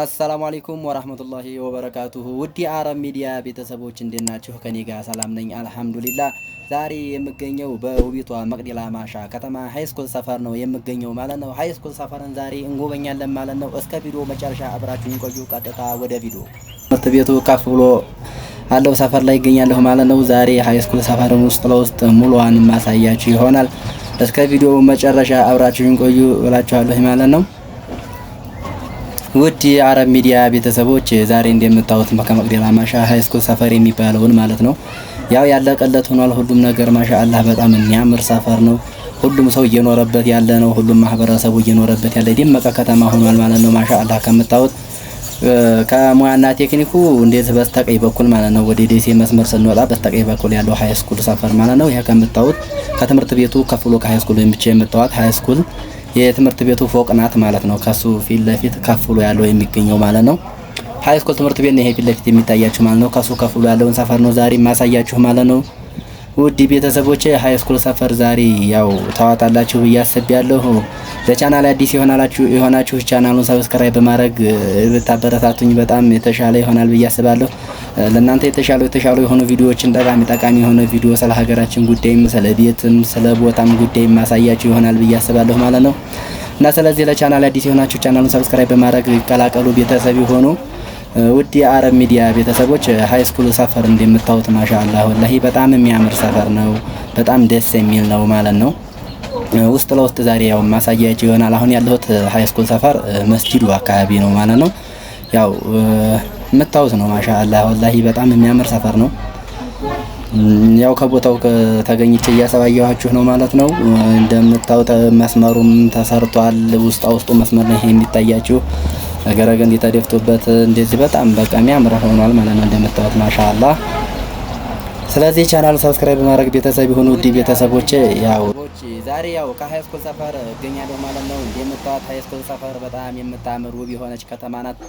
አሰላሙ አለይኩም ወራህመቱላሂ ወበረካቱሁ ውድ የአረብ ሚዲያ ቤተሰቦች እንዴት ናችሁ? ከኔ ጋር ሰላም ነኝ አልሐምዱሊላህ። ዛሬ የምገኘው በውቢቷ መቅዲላ ማሻ ከተማ ሃይስኩል ሰፈር ነው የምገኘው ማለት ነው። ሃይስኩል ሰፈርን ዛሬ እንጎበኛለን ማለት ነው። እስከ ቪዲዮ መጨረሻ አብራችሁን ቆዩ። ቀጥታ ወደ ቪዲዮ ትምህርት ቤቱ ከፍ ብሎ አለው ሰፈር ላይ ይገኛለሁ ማለት ነው። ዛሬ ሃይስኩል ሰፈርን ውስጥ ለውስጥ ሙሉዋን ማሳያችሁ ይሆናል። እስከ ቪዲዮ መጨረሻ አብራችሁን ቆዩ እላችኋለሁ ማለት ነው። ውድ የአረብ ሚዲያ ቤተሰቦች ዛሬ እንደምታዩት ከመቅደላ ማሻ ሃይስኩል ሰፈር የሚባለውን ማለት ነው። ያው ያለቀለት ሆኗል ሁሉም ነገር ማሻአላህ በጣም የሚያምር ሰፈር ነው። ሁሉም ሰው እየኖረበት ያለ ነው። ሁሉም ማህበረሰቡ እየኖረበት ያለ የደመቀ ከተማ ሆኗል ማለት ነው። ማሻአላህ ከምታዩት ከሙያና ቴክኒኩ እንዴት በስተቀኝ በኩል ማለት ነው ወደ ደሴ መስመር ስንወጣ በስተቀኝ በኩል ያለው ሃይስኩል ሰፈር ማለት ነው። ይሄ ከምታዩት ከትምህርት ቤቱ ከፍሎ ከሃይስኩል ወይም ብቻ የምታዩት ሃይስኩል የትምህርት ቤቱ ፎቅ ናት ማለት ነው። ከሱ ፊት ለፊት ያለው የሚገኘው ማለት ነው። ስኩል ትምህርት ቤት ነው ይሄ ፊት ለፊት የሚታያችሁ ማለት ነው። ከሱ ከፍ ያለውን ሰፈር ነው ዛሬ ማሳያችሁ ማለት ነው። ውድ ቤተሰቦች ሀይስኩል ሰፈር ዛሬ ያው ታዋጣላችሁ ብዬ አስቤያለሁ። ለቻናል አዲስ የሆናችሁ ቻናሉን ሰብስክራይብ በማድረግ ብታበረታቱኝ በጣም የተሻለ ይሆናል ብዬ አስባለሁ። ለእናንተ የተሻሉ የተሻሉ የሆኑ ቪዲዮዎችን ጠቃሚ ጠቃሚ የሆነ ቪዲዮ ስለ ሀገራችን ጉዳይም ስለ ቤትም ስለ ቦታም ጉዳይ ማሳያችሁ ይሆናል ብዬ አስባለሁ ማለት ነው እና ስለዚህ ለቻናል አዲስ የሆናችሁ ቻናሉን ሰብስክራይብ በማድረግ ይቀላቀሉ ቤተሰብ ይሆኑ። ውድ የአረብ ሚዲያ ቤተሰቦች ሀይ ስኩል ሰፈር እንደምታዩት ማሻአላ ወላሂ በጣም የሚያምር ሰፈር ነው። በጣም ደስ የሚል ነው ማለት ነው። ውስጥ ለውስጥ ዛሬ ያው ማሳያቸው ይሆናል። አሁን ያለሁት ሀይ ስኩል ሰፈር መስጂዱ አካባቢ ነው ማለት ነው። ያው የምታዩት ነው ማሻአላ ወላሂ በጣም የሚያምር ሰፈር ነው። ያው ከቦታው ተገኝቼ እያሰባየኋችሁ ነው ማለት ነው። እንደምታዩት መስመሩም ተሰርቷል። ውስጣ ውስጡ መስመር ነው ይሄ የሚታያችሁ ነገረ ግን ተደፍቶበት እንደዚህ በጣም በቃ የሚያምር ሆኗል ማለት ነው እንደምታዩት ማሻአላ። ስለዚህ ቻናል ሰብስክራይብ ማድረግ ቤተሰብ የሆኑ ውድ ቤተሰቦቼ ያው ዛሬ ያው ከሀይ ስኩል ሰፈር እገኛለሁ ማለት ነው። እንደምታዩት ሀይ ስኩል ሰፈር በጣም የምታምር ውብ የሆነች ከተማ ናት።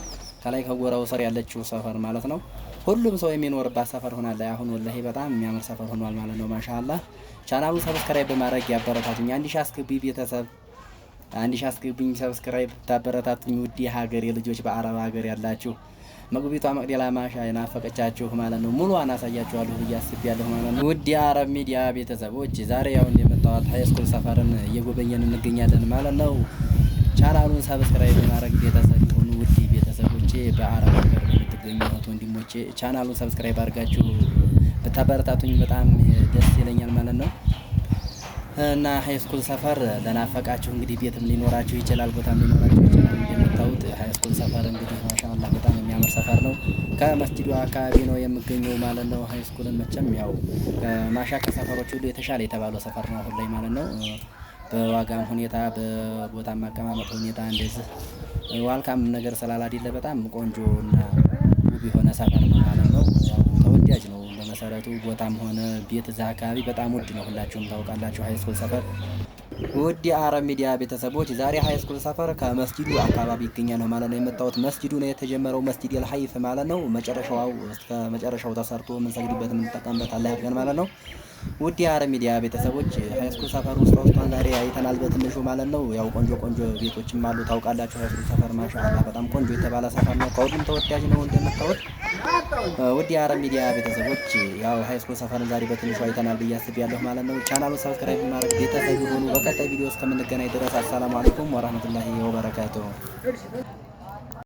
ከላይ ከጎራው ስር ያለችው ሰፈር ማለት ነው። ሁሉም ሰው የሚኖርባት ሰፈር ሆናለ። አሁን ወላሂ በጣም የሚያምር ሰፈር ሆኗል ማለት ነው። ማሻአላ ቻናሉ ሰብስክራይብ በማድረግ ያበረታቱኝ። አንድ ሺህ አስገቢ ቤተሰብ አንድ ሺ አስገቡኝ ሰብስክራይብ ታበረታቱኝ ውድ የሀገሬ ልጆች በአረብ ሀገር ያላችሁ መግቢቷ መቅደላ ማሻ የናፈቀቻችሁ ማለት ነው። ሙሉ አናሳያችኋለሁ ብዬ አስቤያለሁ ማለት ነው። ውድ የአረብ ሚዲያ ቤተሰቦች ዛሬ ያው እንደመጣዋት ሀይስኩል ሰፈርን እየጎበኘን እንገኛለን ማለት ነው። ቻናሉን ሰብስክራይብ የማድረግ ቤተሰብ የሆኑ ውድ ቤተሰቦቼ በአረብ ሀገር የምትገኙ ወንድሞቼ ቻናሉን ሰብስክራይብ አድርጋችሁ ብታበረታቱኝ በጣም ደስ ይለኛል ማለት ነው። እና ሃይስኩል ሰፈር ለናፈቃችሁ እንግዲህ ቤትም ሊኖራችሁ ይችላል፣ ቦታም ሊኖራችሁ ይችላል። እንደምታዩት ሃይስኩል ሰፈር እንግዲህ ማሻላ በጣም የሚያምር ሰፈር ነው። ከመስጂዱ አካባቢ ነው የምገኘው ማለት ነው። ሃይስኩልን መቼም ያው ማሻ ከሰፈሮች ሁሉ የተሻለ የተባለው ሰፈር ነው አሁን ላይ ማለት ነው። በዋጋም ሁኔታ በቦታም አቀማመጥ ሁኔታ እንደዚህ ዋልካም ነገር ስላላደለ በጣም ቆንጆ እና ውብ የሆነ ሰፈር ነው ማለት ነው። ተወዳጅ ነው። በመሰረቱ ቦታም ሆነ ቤት እዛ አካባቢ በጣም ውድ ነው፣ ሁላችሁም ታውቃላችሁ። ሀይስኩል ሰፈር ውድ የአረብ ሚዲያ ቤተሰቦች ዛሬ ሀይስኩል ሰፈር ከመስጂዱ አካባቢ ይገኛል ማለት ነው የመጣሁት። መስጂዱ ነው የተጀመረው፣ መስጂድ የልሀይፍ ማለት ነው። መጨረሻው እስከ መጨረሻው ተሰርቶ የምንሰግድበት የምንጠቀምበት አላህ ያድርገን ማለት ነው። ውድ የአረብ ሚዲያ ቤተሰቦች ሀይስኩል ሰፈር ውስጥ ውስጧን ዛሬ አይተናል በትንሹ ማለት ነው። ያው ቆንጆ ቆንጆ ቤቶችም አሉ ታውቃላችሁ። ሀይስኩል ሰፈር ማሻአላ በጣም ቆንጆ የተባለ ሰፈር ነው። ከሁሉም ተወዳጅ ነው እንደምታዩት። ውድ የአረብ ሚዲያ ቤተሰቦች ኦኬ ያው ሃይስኩል ሰፈርን ዛሬ በትንሹ አይተናል ብዬ አስቤያለሁ ማለት ነው። ቻናሉን ሰብስክራይብ ማድረግ ቤተሰብ ሆኑ። በቀጣይ ቪዲዮ እስከምንገናኝ ድረስ አሰላሙ አለይኩም ወራህመቱላሂ ወበረካቱሁ።